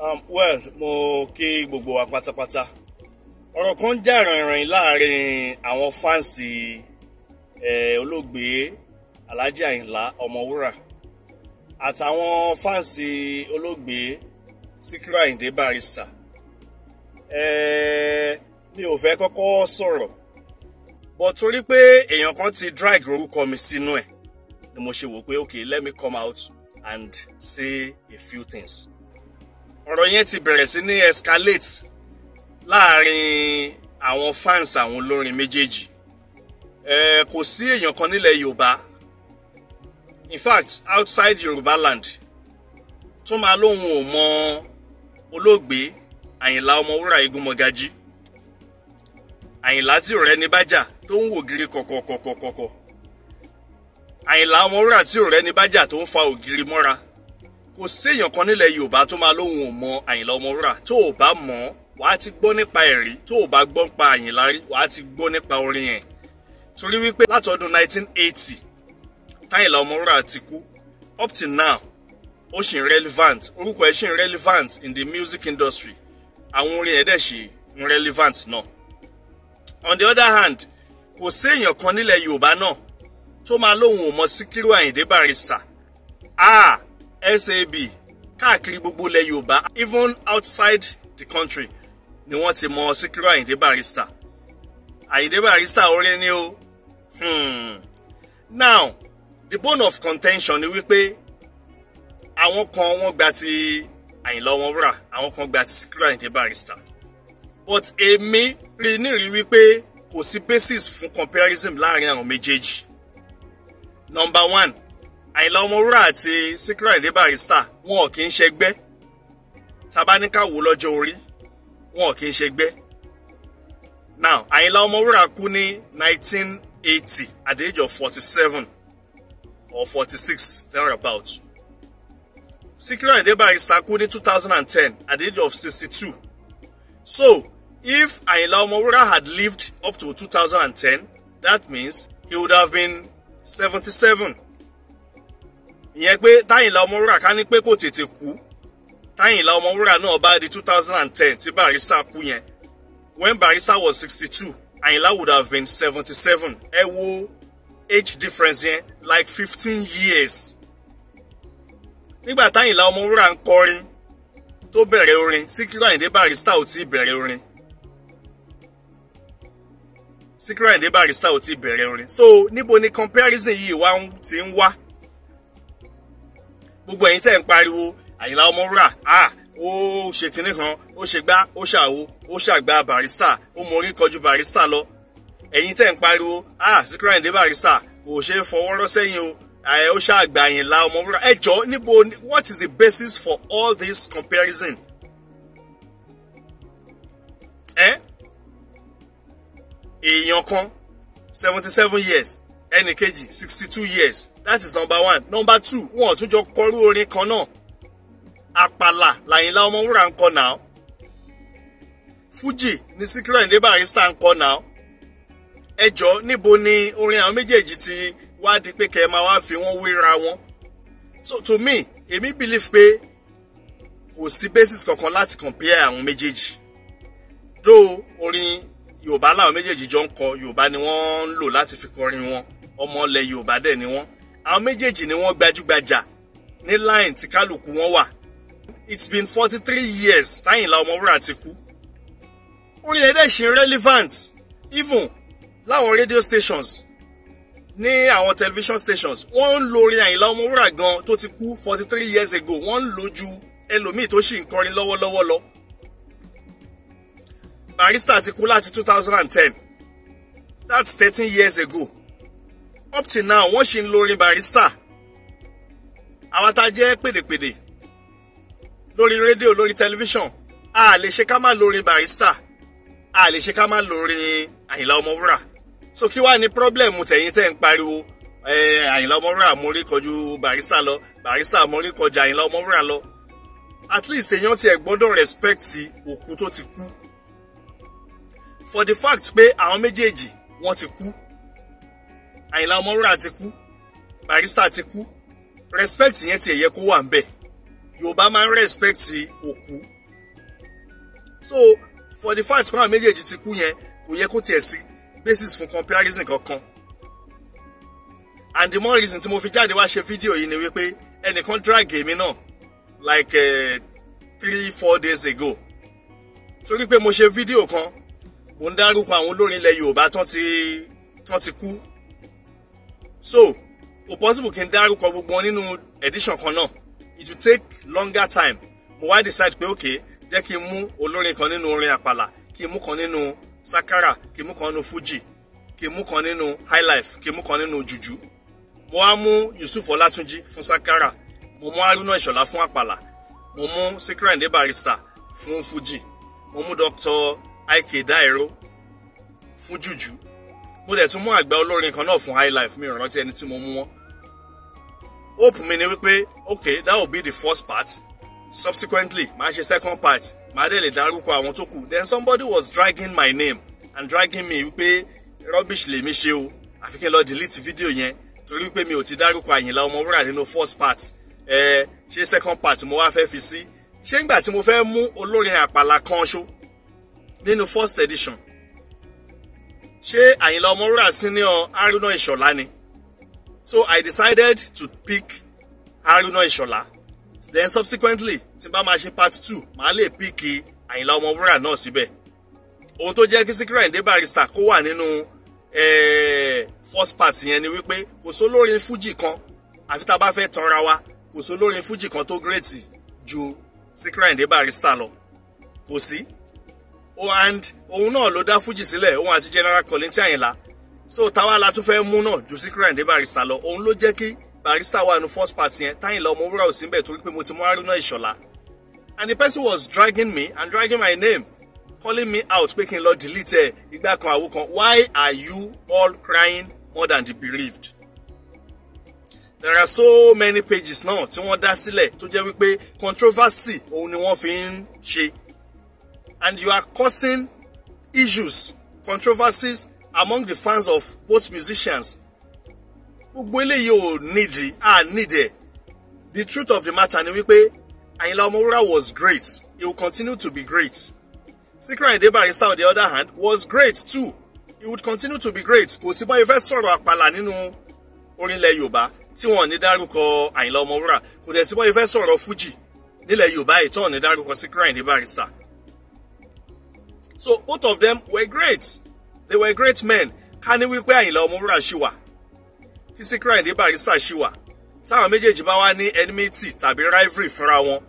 Um, well mo kí gbogbo wa pátápátá ọ̀rọ̀ kan já rìnrìn láàrin àwọn fáǹsì eh, olóògbé Alhaji Àyìnlá Ọmọwúrà àtàwọn fáǹsì olóògbé Síkírù Àyìndé Barrister eh, mi ò fẹ́ kọ́kọ́ sọ̀rọ̀ but torí pé èèyàn kan ti drag orúkọ mi sínú ẹ̀ ni mo ṣe wò pé okay let me come out and say a few things ọ̀rọ̀ yẹn ti bẹ̀rẹ̀ sí ní escalate láàrin àwọn fans àwọn olórin méjèèjì kò sí èèyàn kan nílẹ̀ Yorùbá in fact outside Yorùbá land tó máa lóun ò mọ olóògbé Àyìnlá Ọmọwúrà Igunmọ̀gájí Àyìnlá tí ọ̀rẹ́ ní bájà tó ń wò gírí kọ̀kọ̀kọ̀kọ̀kọ̀ Àyìnlá Ọmọwúrà tí ọ̀rẹ́ ní bájà tó ń fa ògiri mọ́ra kò séèyàn kan nílẹ̀ yorùbá tó máa lóun ò mọ àyìnlá ọmọwúrà tó ò bá mọ̀ ọ́ wàá ti gbọ́ nípa ẹ̀rí tó ò bá gbọ́ nípa àyìnlá rí wàá ti gbọ́ nípa orin ẹ̀ torí wípé látọdún 1980 táyìnlá ọmọwúrà ti kú up till now ó ṣì ń relevant orúkọ ẹ̀ ṣì ń relevant in the music industry àwọn orin ẹ̀ dẹ̀ ṣì ń relevant náà on the other hand kò séèyàn kan nílẹ̀ yorùbá náà tó máa lóun ò mọ síkírù àyìndé barrister ah SAB káàkiri gbogbo ilẹ̀ Yorùbá even outside the country ni wọ́n ti mọ Síkírù Àyìndé Barrister Àyìndé Barrister orí ni o hmm. now the bone of contention ni wípé àwọn kan wọ́n gba ti Àyìnlá Ọmọwúrà àwọn kan gba ti Síkírù Àyìndé Barrister but èmi rí nírí wípé kò sí basis fún comparison láàrin àwọn méjèèjì number one àyìnlá ọmọwúrà àti síkírà ìdí barrister wọn ò kì í ṣẹgbẹ́ tabaníkà wò orí wọn ò kì í ṣẹgbẹ́ now àyìnlá ọmọwúrà kú ní 1980 at the age of 47 or 46 thereabout síkírà ìdí star, kú ní 2010 at the age of 62 so if àyìnlá ọmọwúrà had lived up to 2010 that means he would have been 77 ìyẹn pé táyìnlá ọmọwúrà ká ní pé kò tètè kú táyìnlá ọmọwúrà náà bá di two thousand and ten tí barrister kú yẹn when Barista was sixty two àyìnlá would have been seventy seven ẹ wo age difference yẹn like fifteen years nígbà táyìnlá ọmọwúrà ń kọrin tó bẹ̀rẹ̀ orin síkírù àyìndé barrister ò tí bẹ̀rẹ̀ orin síkírù àyìndé barrister ò tí bẹ̀rẹ̀ orin so níbo ni comparison yìí wá ti ń wá gbogbo ẹ̀yin tẹ̀ ń pariwo àyìnlá ọmọwúrà a ó ṣe kinní kan ó ṣe gbá ó ṣàwo ó ṣàgbà barista ó mọ orí kọjú barista lọ ẹ̀yin tẹ̀ ń pariwo a Síkírù Àyìndé barista kò ṣe é fọwọ́ rọ́ sẹ́yìn o ó ṣàgbà àyìnlá ọmọwúrà ẹ jọ níbo what is the basis for all this comparison? ẹ èèyàn kan seventy seven years ẹnì kejì sixty two years that is number one number two wọn ò tún jọ kọrú orin kan náà àpàlà làyìnlá ọmọwúrà ń kọ náà Fuji ni Síkírù Àyìndé Barrister ń kọ náà ẹ níbo ni orin àwọn méjèèjì ti wá di pé kẹ́ ẹ máa wá fi wọ́n wéra wọn so to me èmi believe pé kò sí basis kankan láti compare àwọn méjèèjì dó orin Yorùbá làwọn méjèèjì jọ ń kọ Yorùbá ni wọ́n ń lò láti fi kọrin wọn ọmọ ilẹ̀ Yorùbá dẹ̀ ni wọ́n àwọn méjèèjì ni wọ́n gbajúgbajà ní line tí kálukú wọn wà it's been forty three years táyìnlá ọmọwúrà ti kú orin ẹ̀dẹ̀ ṣì ń relevant even láwọn radio stations ní àwọn television stations wọ́n ń lo orin àyìnlá ọmọwúrà gan tó ti kú forty three years ago wọ́n ń lo ju ẹlòmíì tó ṣì ń kọrin lọ́wọ́lọ́wọ́ lọ barrister ti kú láti two thousand and ten that's thirteen years ago up till now wọ́n ṣì ń lórin Barrister àwa tá a jẹ́ pèdèpèdè lórí rédíò lórí tẹlifíṣàn a lè ṣe ká má lórin Barrister a lè ṣe ká má lórin Àyìnlá Ọmọwúrà so kí wàá ní pírọ́blẹ̀mù tẹ̀yìn tẹ̀ ń pariwo Àyìnlá Ọmọwúrà mo rí kọjú Barrister lọ Barrister mo rí kọjú Àyìnlá Ọmọwúrà lọ at least èèyàn tiẹ̀ gbọ́dọ̀ respect òkú tó ti kú for the fact pé àwọn méjèèjì wọ́n ti kú àyìnlá ọmọwúrà ti kú barrister ti kú respect yẹn tiẹ̀ yẹ kó wà ń bẹ̀ yorùbá máa ń respect òkú so for the fact pàwọn méjèèjì ti kú yẹn kò yẹ kó tiẹ̀ sí basis fún comparison kankan and the more reason tí mo fi jáde wá ṣe fídíò yìí ni wípé ẹnìkan drag èmi náà like eh, three four days ago torí pé mo ṣe fídíò kan mo ń dárúkọ àwọn olórin ilẹ̀ yorùbá tán ti tán ti kú so kò possible kí n dárúkọ gbogbo wọn nínú edition kan náà it will take longer time mo wá decide pé ok jẹ́ kí n mú olórin kan nínú orin àpàlà kí n mú kan nínú sakara kí n mú kan nínú fuji kí n mú kan nínú highlife kí n mú kan nínú juju mo wá mú yusuf ọlátúnjí fún sakara mo mú haruna ìṣọ̀lá fún àpàlà mo mú sikirin de barista fún fuji mo mú dr ike dairo fún juju mo dẹ̀ tún mú àgbà olórin kan náà fún high life mi rántí ẹni tí mo mú wọn hope mi ni wípé okay that will be the first part subsequently màá ṣe second part màá dẹ̀ lè dárúkọ àwọn tó kù then somebody was dragging my name and dragging me wípé rubbish lèmi ṣe o àfi kí n lọ delete video yẹn torí wípé mi ò ti dárúkọ Àyìnlá Ọmọwúrà nínú first part ẹ ṣe second part mo wá fẹ́ fi sí ṣé ńgbà tí mo fẹ́ mú olórin àpàlà kan ṣo nínú first edition ṣé àyìnlá ọmọwúrà senior haruna ìṣọ̀lá ni so i decided to pick haruna ìṣọ̀lá then subsequently tí n bá máa ṣe part two màá lè pick àyìnlá ọmọwúrà náà síbẹ̀ ohun tó jẹ́ kí Síkírù Àyìndé Barrister kó wà nínú first part yẹn ni wípé kò sólórin fújì kan àfi tá a bá fẹ́ tanra wa kò sólórin fújì kan tó gírètì ju Síkírù Àyìndé Barrister lọ kò sí. Oh, and òun náà ló dá fújì sílẹ̀ òun àti general Collins Àyìnlá so táwa la tún fẹ́ mú náà ju Síkírù Àyìndé Barrister lọ òun ló jẹ́ kí Barrister wà ní first part yẹn táyìnlá Ọmọwúrà ò sí níbẹ̀ torí pé mo ti mú Haruna Ìṣọ̀lá and the person was dragging me and dragging my name calling me out pé kí n lọ delete ẹ ìgbà kan àwo kan why are you all crying more than the bereaved there are so many pages náà tí wọ́n dá sílẹ̀ tó jẹ́ wípé controversy òun ni wọ́n fi ń ṣe and you are causing issues controversies among the fans of both musicians gbogbo eléyìí ò ah à nídìí the truth of the matter ni wípé Ayinla Ọmọwúrà was great he will continue to be great Sikiru Ayinde Barrister on the other hand was great too he would continue to be great kò sí báyìí fẹ́ sọ̀rọ̀ àpàlà nínú orin ilẹ̀ Yorùbá tí wọ́n ní dárúkọ Ayinla Ọmọwúrà kò dẹ̀ sí báyìí fẹ́ sọ̀rọ̀ fújì nílẹ̀ Yorùbá ìtàn ní dárúkọ Sikiru Ayinde so both of them were great they were great men ká ní wípé Àyìnlá Ọmọwúrà ṣì wà kí Síkírà Àyìndé Barrister ṣì wà táwọn méjèèjì bá wá ní enmity tàbí rivalry fúnra wọn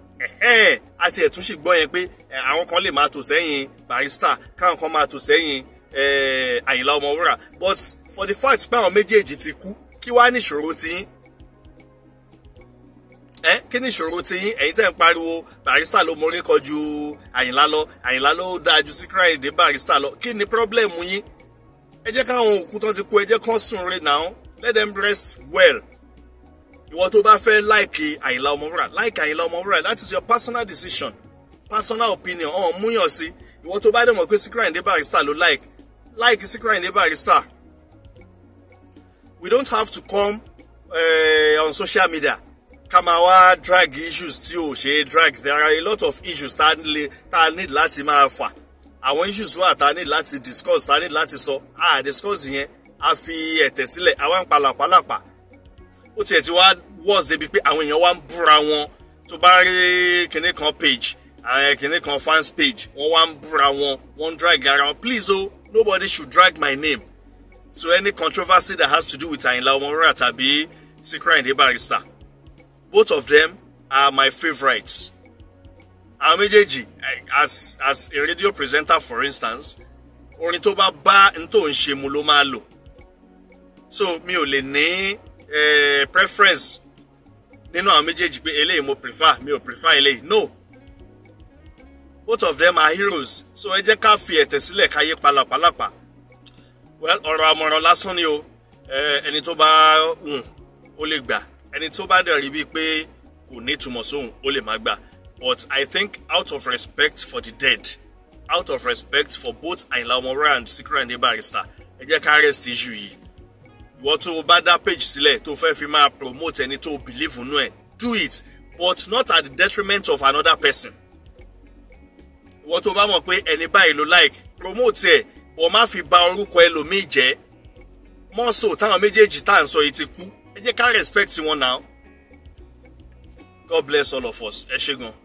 àti ẹ̀túnṣì gbọ́ yẹn pé àwọn kan lè máa tò sẹ́yìn Barrister káwọn kan máa tò sẹ́yìn Àyìnlá Ọmọwúrà but for the fact pé àwọn méjèèjì ti kú kí wàá níṣòro tiyín ẹ kí ni ìṣòro ti yín ẹ̀yin tẹ́ ń pariwo barista ló mórí kọjú àyìnlá lọ àyìnlá ló dáa ju síkírà èdè barista lọ kí ni pírọ́blẹ̀mù yín ẹ jẹ́ káwọn òkú tán ti kú ẹ jẹ́ kán sùn re now let them rest well ìwọ tó bá fẹ́ láìkì àyìnlá ọmọwúrà láìkì àyìnlá ọmọwúrà that is your personal decision personal opinion ọ̀hún múyàn sí ìwọ tó bá dẹ̀ mọ̀ pé síkírà èdè barista ló like like síkírà èdè barista we don't have to come uh, on social media Kamawa drag issues tí ò ṣe drag there are a lot of issues tá a need láti máa fà àwọn issues wà tá a need láti discuss tá a need láti sọ a discuss yẹn a fi ẹ̀tẹ̀ sílẹ̀ àwa ń palàpalàpà ó tiẹ̀ ti wá worse débi pé àwọn èèyàn wá ń búra wọn tó bá rí kinní kan page àwọn eh, kinní kan fans page wọ́n wá ń búra wọn wọ́n drag ara wọn please o oh, nobody should drag my name to so any controversy that has to do with Ayinla Ọmọwúrà tàbí Síkírá Àyìndé Barrister both of them are my favorites àwọn as as a radio presenter for instance orin tó bá bá n tó ń ṣe mu ló máa lò so mi ò lè ní eh, preference nínú àwọn méjèèjì pé eléyìí mo prefer mi ò prefer eléyìí no both of them are heroes so ẹ jẹ́ ká fi ẹ̀tẹ̀ sílẹ̀ ká palapalapa well ọ̀rọ̀ àmọ̀ràn lásán ni o eh, ẹni tó bá hùn ó lè gbà ẹni tó bá dẹ̀ rí bíi pé kò ní ìtumọ̀ sóhun ó lè má gbà but I think out of respect for the dead out of respect for both Àyìnlá Ọmọwúrà and Síkírù Barrister ẹ jẹ́ ká rest issue yìí ìwọ tó bá dá page sílẹ̀ tó fẹ́ fi máa promote ẹni tó believe nú ẹ̀ do it but not at the detriment of another person ìwọ tó o bá mọ̀ pé ẹni báyìí ló like promote ẹ̀ o má fi ba orúkọ ẹlòmíì jẹ́ mọ́sọ̀ táwọn méjèèjì tá à ń sọ yìí ti kú They can't respect you one now God bless all of us ẹ ṣé